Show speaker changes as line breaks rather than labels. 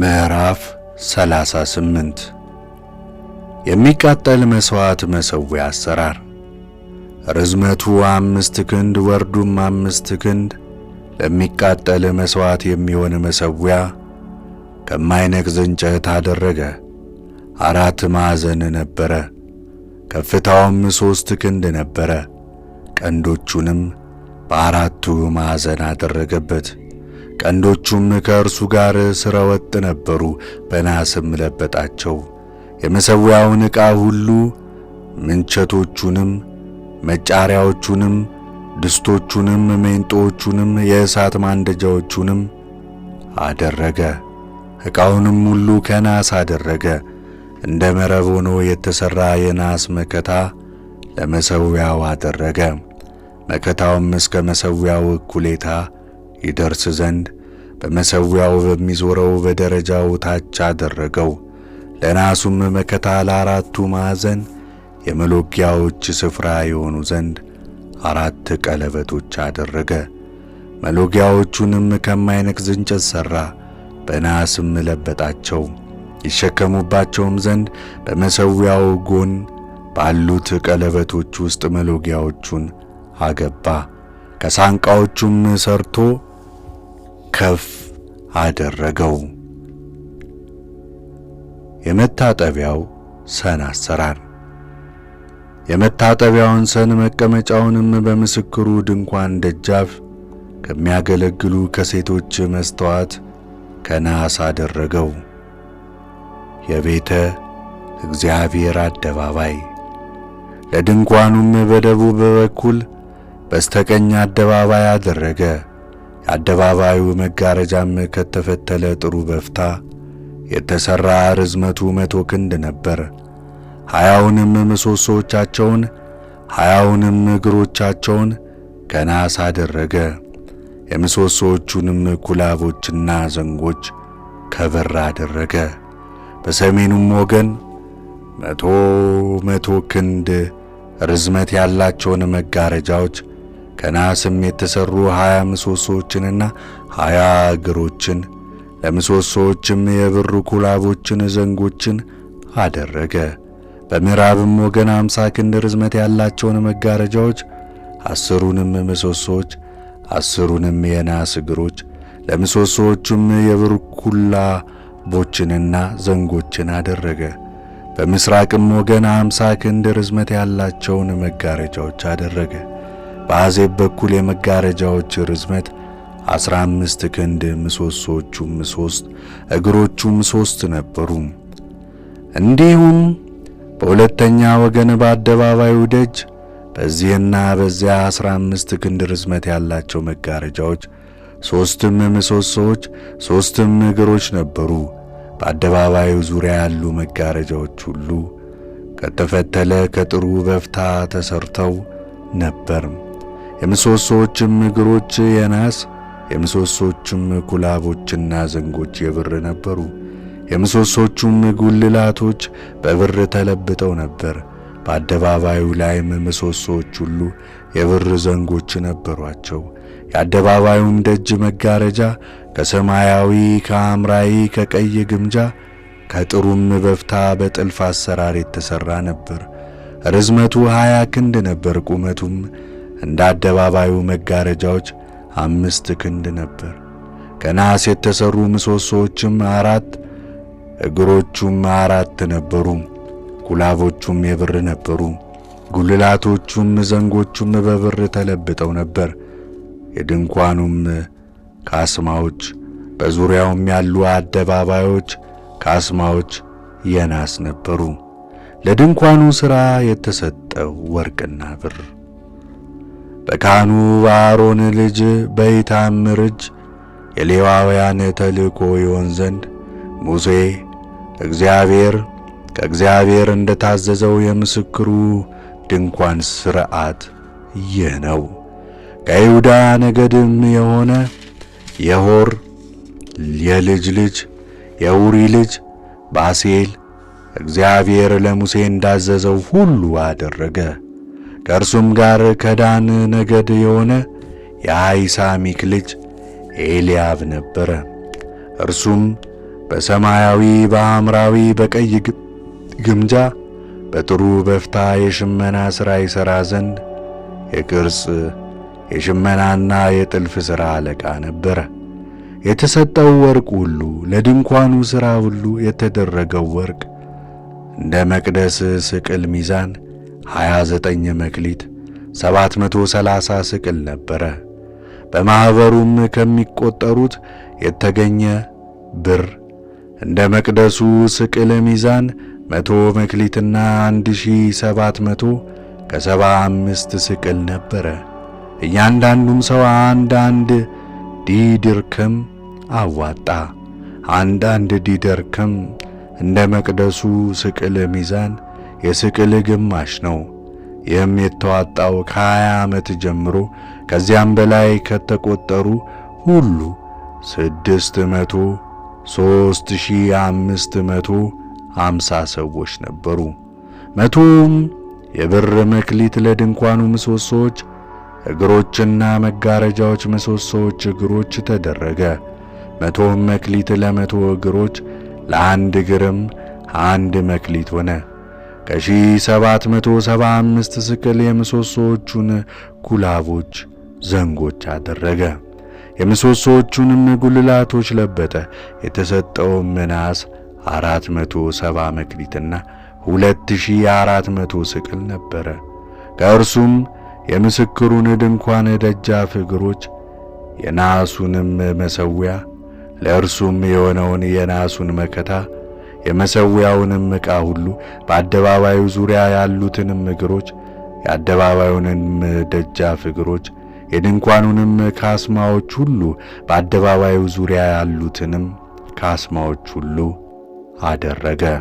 ምዕራፍ 38 የሚቃጠል መሥዋዕት መሠዊያ አሰራር። ርዝመቱ አምስት ክንድ ወርዱም አምስት ክንድ ለሚቃጠል መሥዋዕት የሚሆን መሠዊያ ከማይነቅዝ እንጨት አደረገ። አራት ማዕዘን ነበረ፣ ከፍታውም ሦስት ክንድ ነበረ። ቀንዶቹንም በአራቱ ማዕዘን አደረገበት። ቀንዶቹም ከእርሱ ጋር ሥረ ወጥ ነበሩ፣ በናስም ለበጣቸው። የመሠዊያውን ዕቃ ሁሉ ምንቸቶቹንም፣ መጫሪያዎቹንም፣ ድስቶቹንም፣ ሜንጦዎቹንም፣ የእሳት ማንደጃዎቹንም አደረገ። ዕቃውንም ሁሉ ከናስ አደረገ። እንደ መረብ ሆኖ የተሠራ የናስ መከታ ለመሠዊያው አደረገ። መከታውም እስከ መሠዊያው እኩሌታ ይደርስ ዘንድ በመሠዊያው በሚዞረው በደረጃው ታች አደረገው። ለናሱም መከታ ለአራቱ ማዕዘን የመሎጊያዎች ስፍራ የሆኑ ዘንድ አራት ቀለበቶች አደረገ። መሎጊያዎቹንም ከማይነቅዝ እንጨት ሠራ፣ በናስም ለበጣቸው። ይሸከሙባቸውም ዘንድ በመሠዊያው ጎን ባሉት ቀለበቶች ውስጥ መሎጊያዎቹን አገባ። ከሳንቃዎቹም ሠርቶ ከፍ አደረገው። የመታጠቢያው ሰን አሰራር የመታጠቢያውን ሰን መቀመጫውንም በምስክሩ ድንኳን ደጃፍ ከሚያገለግሉ ከሴቶች መስተዋት ከነሐስ አደረገው። የቤተ እግዚአብሔር አደባባይ ለድንኳኑም በደቡብ በኩል በስተቀኝ አደባባይ አደረገ። የአደባባዩ መጋረጃም ከተፈተለ ጥሩ በፍታ የተሠራ ርዝመቱ መቶ ክንድ ነበር። ሀያውንም ምሰሶቻቸውን ሀያውንም እግሮቻቸውን ከናስ አደረገ። የምሰሶቹንም ኩላቦችና ዘንጎች ከበር አደረገ። በሰሜኑም ወገን መቶ መቶ ክንድ ርዝመት ያላቸውን መጋረጃዎች ከናስም የተሠሩ ሀያ ምሰሶችንና ሀያ እግሮችን ለምሰሶዎችም የብር ኩላቦችን ዘንጎችን አደረገ። በምዕራብም ወገን አምሳ ክንድ ርዝመት ያላቸውን መጋረጃዎች አስሩንም ምሰሶች አስሩንም የናስ እግሮች ለምሰሶዎቹም የብር ኩላቦችንና ዘንጎችን አደረገ። በምሥራቅም ወገን አምሳ ክንድ ርዝመት ያላቸውን መጋረጃዎች አደረገ። በአዜብ በኩል የመጋረጃዎች ርዝመት አስራ አምስት ክንድ ምሰሶቹም ሶስት እግሮቹም ሶስት ነበሩ። እንዲሁም በሁለተኛ ወገን በአደባባዩ ደጅ በዚህና በዚያ አስራ አምስት ክንድ ርዝመት ያላቸው መጋረጃዎች ሦስትም ምሰሶዎች ሦስትም እግሮች ነበሩ። በአደባባዩ ዙሪያ ያሉ መጋረጃዎች ሁሉ ከተፈተለ ከጥሩ በፍታ ተሰርተው ነበር። የምሰሶዎችም እግሮች የናስ የምሰሶቹም ኩላቦችና ዘንጎች የብር ነበሩ። የምሰሶቹም ጉልላቶች በብር ተለብጠው ነበር። በአደባባዩ ላይም ምሰሶዎች ሁሉ የብር ዘንጎች ነበሯቸው። የአደባባዩም ደጅ መጋረጃ ከሰማያዊ፣ ከሐምራዊ፣ ከቀይ ግምጃ ከጥሩም በፍታ በጥልፍ አሰራር የተሠራ ነበር። ርዝመቱ ሀያ ክንድ ነበር፣ ቁመቱም እንደ አደባባዩ መጋረጃዎች አምስት ክንድ ነበር። ከነሐስ የተሠሩ ምሰሶዎችም አራት እግሮቹም አራት ነበሩ። ኩላቦቹም የብር ነበሩ። ጉልላቶቹም ዘንጎቹም በብር ተለብጠው ነበር። የድንኳኑም ካስማዎች በዙሪያውም ያሉ አደባባዮች ካስማዎች የናስ ነበሩ። ለድንኳኑ ሥራ የተሰጠው ወርቅና ብር በካህኑ በአሮን ልጅ በኢታምር እጅ የሌዋውያን ተልእኮ ይሆን ዘንድ ሙሴ እግዚአብሔር ከእግዚአብሔር እንደ ታዘዘው የምስክሩ ድንኳን ሥርዓት ይህ ነው። ከይሁዳ ነገድም የሆነ የሆር የልጅ ልጅ የውሪ ልጅ ባሴል እግዚአብሔር ለሙሴ እንዳዘዘው ሁሉ አደረገ። ከእርሱም ጋር ከዳን ነገድ የሆነ የአይሳሚክ ልጅ ኤልያብ ነበረ። እርሱም በሰማያዊ በሐምራዊ በቀይ ግምጃ በጥሩ በፍታ የሽመና ሥራ ይሠራ ዘንድ የቅርጽ የሽመናና የጥልፍ ሥራ አለቃ ነበረ። የተሰጠው ወርቅ ሁሉ ለድንኳኑ ሥራ ሁሉ የተደረገው ወርቅ እንደ መቅደስ ስቅል ሚዛን 29 መክሊት 730 ስቅል ነበረ። በማኅበሩም ከሚቆጠሩት የተገኘ ብር እንደ መቅደሱ ስቅል ሚዛን መቶ መክሊትና 1700 ከሰባ አምስት ስቅል ነበረ። እያንዳንዱም ሰው አንድ አንድ ዲድርክም አዋጣ። አንድ አንድ እንደ መቅደሱ ስቅል ሚዛን የስቅል ግማሽ ነው። ይህም የተዋጣው ከሀያ ዓመት ጀምሮ ከዚያም በላይ ከተቆጠሩ ሁሉ ስድስት መቶ ሦስት ሺህ አምስት መቶ አምሳ ሰዎች ነበሩ። መቶውም የብር መክሊት ለድንኳኑ ምሰሶዎች እግሮችና መጋረጃዎች ምሰሶዎች እግሮች ተደረገ። መቶም መክሊት ለመቶ እግሮች ለአንድ እግርም አንድ መክሊት ሆነ። ከ775 ስቅል የምሰሶዎቹን ኩላቦች ዘንጎች አደረገ። የምሰሶዎቹንም ጉልላቶች ለበጠ። የተሰጠውም ናስ 470 መክሊትና 2400 ስቅል ነበረ። ከእርሱም የምስክሩን ድንኳን ደጃፍ እግሮች፣ የናሱንም መሠዊያ፣ ለእርሱም የሆነውን የናሱን መከታ የመሠዊያውንም ዕቃ ሁሉ በአደባባዩ ዙሪያ ያሉትንም እግሮች፣ የአደባባዩንም ደጃፍ እግሮች፣ የድንኳኑንም ካስማዎች ሁሉ፣ በአደባባዩ ዙሪያ ያሉትንም ካስማዎች ሁሉ አደረገ።